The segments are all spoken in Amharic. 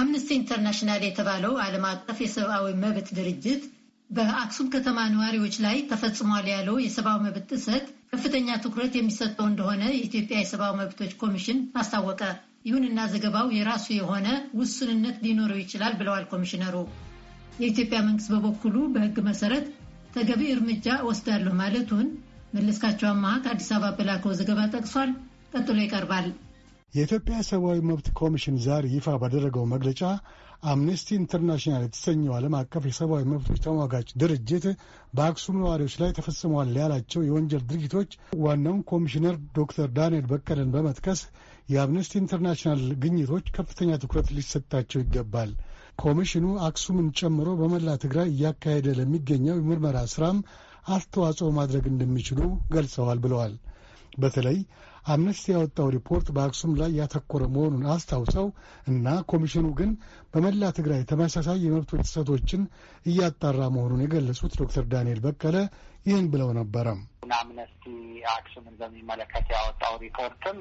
አምነስቲ ኢንተርናሽናል የተባለው ዓለም አቀፍ የሰብአዊ መብት ድርጅት በአክሱም ከተማ ነዋሪዎች ላይ ተፈጽሟል ያለው የሰብአዊ መብት ጥሰት ከፍተኛ ትኩረት የሚሰጠው እንደሆነ የኢትዮጵያ የሰብአዊ መብቶች ኮሚሽን አስታወቀ። ይሁንና ዘገባው የራሱ የሆነ ውሱንነት ሊኖረው ይችላል ብለዋል ኮሚሽነሩ። የኢትዮጵያ መንግስት በበኩሉ በሕግ መሰረት ተገቢ እርምጃ ወስዳለሁ ማለቱን መለስካቸው አማ ከአዲስ አበባ በላከው ዘገባ ጠቅሷል። ቀጥሎ ይቀርባል። የኢትዮጵያ ሰብአዊ መብት ኮሚሽን ዛሬ ይፋ ባደረገው መግለጫ አምነስቲ ኢንተርናሽናል የተሰኘው ዓለም አቀፍ የሰብአዊ መብቶች ተሟጋች ድርጅት በአክሱም ነዋሪዎች ላይ ተፈጽመዋል ያላቸው የወንጀል ድርጊቶች ዋናውን ኮሚሽነር ዶክተር ዳንኤል በቀለን በመጥቀስ የአምነስቲ ኢንተርናሽናል ግኝቶች ከፍተኛ ትኩረት ሊሰጣቸው ይገባል። ኮሚሽኑ አክሱምን ጨምሮ በመላ ትግራይ እያካሄደ ለሚገኘው የምርመራ ስራም አስተዋጽኦ ማድረግ እንደሚችሉ ገልጸዋል ብለዋል። በተለይ አምነስቲ ያወጣው ሪፖርት በአክሱም ላይ ያተኮረ መሆኑን አስታውሰው እና ኮሚሽኑ ግን በመላ ትግራይ ተመሳሳይ የመብቶች ጥሰቶችን እያጣራ መሆኑን የገለጹት ዶክተር ዳንኤል በቀለ ይህን ብለው ነበረም አሁን አምነስቲ አክሱምን በሚመለከት ያወጣው ሪፖርትም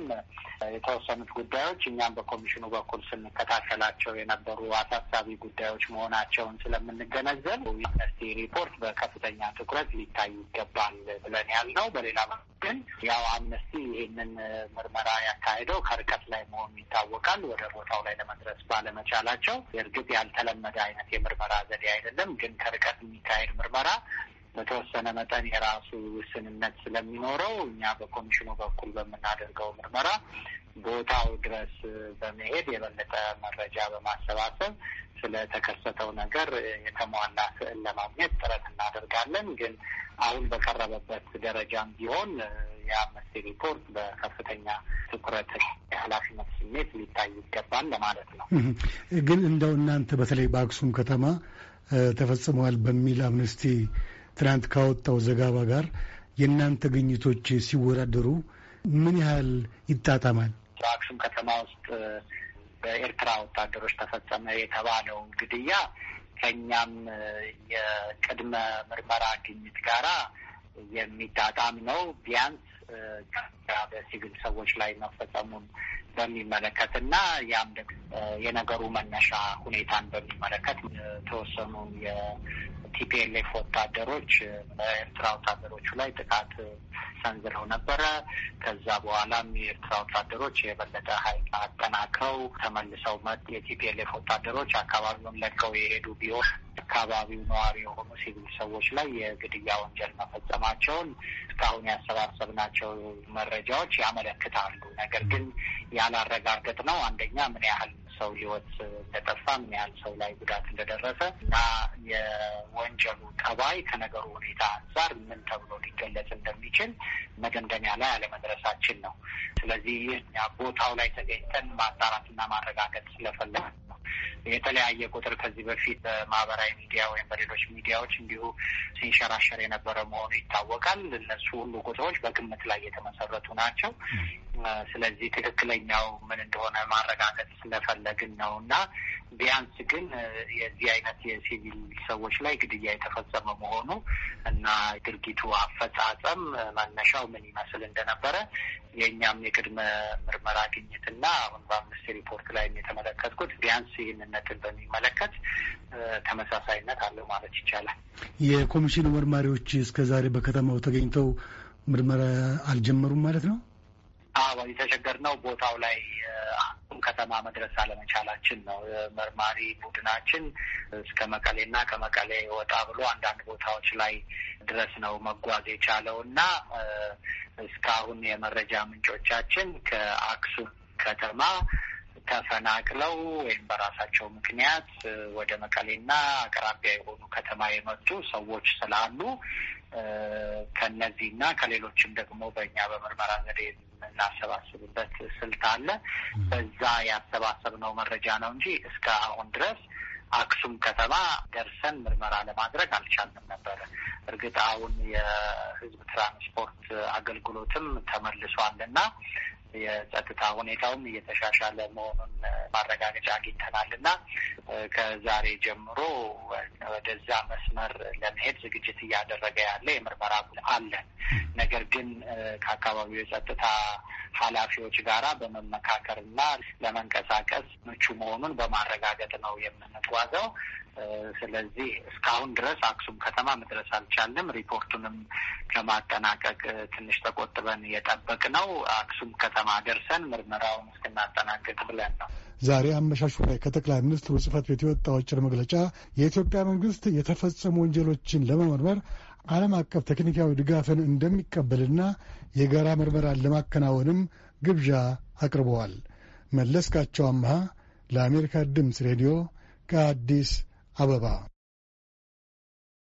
የተወሰኑት ጉዳዮች እኛም በኮሚሽኑ በኩል ስንከታተላቸው የነበሩ አሳሳቢ ጉዳዮች መሆናቸውን ስለምንገነዘብ አምነስቲ ሪፖርት በከፍተኛ ትኩረት ሊታይ ይገባል ብለን ያልነው። በሌላ ግን ያው አምነስቲ ይህንን ምርመራ ያካሄደው ከርቀት ላይ መሆኑ ይታወቃል። ወደ ቦታው ላይ ለመድረስ ባለመቻላቸው እርግጥ ያልተለመደ አይነት የምርመራ ዘዴ አይደለም። ግን ከርቀት የሚካሄድ ምርመራ በተወሰነ መጠን የራሱ ውስንነት ስለሚኖረው እኛ በኮሚሽኑ በኩል በምናደርገው ምርመራ ቦታው ድረስ በመሄድ የበለጠ መረጃ በማሰባሰብ ስለተከሰተው ነገር የተሟላ ስዕል ለማግኘት ጥረት እናደርጋለን። ግን አሁን በቀረበበት ደረጃም ቢሆን የአምነስቲ ሪፖርት በከፍተኛ ትኩረት የኃላፊነት ስሜት ሊታይ ይገባል ለማለት ነው። ግን እንደው እናንተ በተለይ በአክሱም ከተማ ተፈጽመዋል በሚል አምነስቲ ትናንት ካወጣው ዘገባ ጋር የእናንተ ግኝቶች ሲወዳደሩ ምን ያህል ይጣጣማል? በአክሱም ከተማ ውስጥ በኤርትራ ወታደሮች ተፈጸመ የተባለው ግድያ ከኛም የቅድመ ምርመራ ግኝት ጋራ የሚጣጣም ነው። ቢያንስ በሲቪል ሰዎች ላይ መፈጸሙን በሚመለከት እና ያም የነገሩ መነሻ ሁኔታን በሚመለከት የተወሰኑ የቲፒኤልኤፍ ወታደሮች በኤርትራ ወታደሮቹ ላይ ጥቃት ሰንዝረው ነበረ። ከዛ በኋላም የኤርትራ ወታደሮች የበለጠ ኃይል አጠናክረው ተመልሰው የቲፒኤልኤፍ ወታደሮች አካባቢውን ለቀው የሄዱ ቢሆን አካባቢው ነዋሪ የሆኑ ሲቪል ሰዎች ላይ የግድያ ወንጀል መፈጸማቸውን እስካሁን ያሰባሰብናቸው መረ መረጃዎች ያመለክታሉ። ነገር ግን ያላረጋገጥ ነው አንደኛ ምን ያህል ሰው ህይወት እንደጠፋ ምን ያህል ሰው ላይ ጉዳት እንደደረሰ እና የወንጀሉ ጠባይ ከነገሩ ሁኔታ አንጻር ምን ተብሎ ሊገለጽ እንደሚችል መደምደሚያ ላይ አለመድረሳችን ነው። ስለዚህ ቦታው ላይ ተገኝተን ማጣራትና ማረጋገጥ ስለፈለግ የተለያየ ቁጥር ከዚህ በፊት በማህበራዊ ሚዲያ ወይም በሌሎች ሚዲያዎች እንዲሁ ሲንሸራሸር የነበረ መሆኑ ይታወቃል። እነሱ ሁሉ ቁጥሮች በግምት ላይ የተመሰረቱ ናቸው። ስለዚህ ትክክለኛው ምን እንደሆነ ማረጋገጥ ስለፈለግን ነው እና ቢያንስ ግን የዚህ አይነት የሲቪል ሰዎች ላይ ግድያ የተፈጸመ መሆኑ እና ድርጊቱ አፈጻጸም መነሻው ምን ይመስል እንደነበረ የእኛም የቅድመ ምርመራ ግኝትና አሁን በአምነስቲ ሪፖርት ላይ የተመለከትኩት ቢያንስ ይህንን ደህንነትን በሚመለከት ተመሳሳይነት አለው ማለት ይቻላል። የኮሚሽኑ መርማሪዎች እስከዛሬ በከተማው ተገኝተው ምርመራ አልጀመሩም ማለት ነው? አዎ የተቸገርነው ቦታው ላይ ከተማ መድረስ አለመቻላችን ነው። መርማሪ ቡድናችን እስከ መቀሌና ከመቀሌ ወጣ ብሎ አንዳንድ ቦታዎች ላይ ድረስ ነው መጓዝ የቻለው እና እስካሁን የመረጃ ምንጮቻችን ከአክሱም ከተማ ተፈናቅለው ወይም በራሳቸው ምክንያት ወደ መቀሌና አቅራቢያ የሆኑ ከተማ የመጡ ሰዎች ስላሉ ከነዚህና ከሌሎችም ደግሞ በእኛ በምርመራ ዘዴ የምናሰባስብበት ስልት አለ። በዛ ያሰባሰብነው መረጃ ነው እንጂ እስከ አሁን ድረስ አክሱም ከተማ ደርሰን ምርመራ ለማድረግ አልቻልንም ነበር እርግጥ አሁን የህዝብ ትራንስፖርት አገልግሎትም ተመልሷልና የጸጥታ ሁኔታውም እየተሻሻለ መሆኑን ማረጋገጫ አግኝተናል እና ከዛሬ ጀምሮ ወደዛ መስመር ለመሄድ ዝግጅት እያደረገ ያለ የምርመራ አለን። ነገር ግን ከአካባቢው የጸጥታ ኃላፊዎች ጋራ በመመካከርና ለመንቀሳቀስ ምቹ መሆኑን በማረጋገጥ ነው የምንጓዘው። ስለዚህ እስካሁን ድረስ አክሱም ከተማ መድረስ አልቻልንም። ሪፖርቱንም ከማጠናቀቅ ትንሽ ተቆጥበን የጠበቅ ነው። አክሱም ከተማ ደርሰን ምርመራውን እስክናጠናቅቅ ብለን ነው። ዛሬ አመሻሹ ላይ ከጠቅላይ ሚኒስትሩ ጽህፈት ቤት የወጣው አጭር መግለጫ የኢትዮጵያ መንግስት የተፈጸሙ ወንጀሎችን ለመመርመር ዓለም አቀፍ ቴክኒካዊ ድጋፍን እንደሚቀበልና የጋራ ምርመራን ለማከናወንም ግብዣ አቅርበዋል። መለስካቸው አምሃ ለአሜሪካ ድምፅ ሬዲዮ ከአዲስ አበባ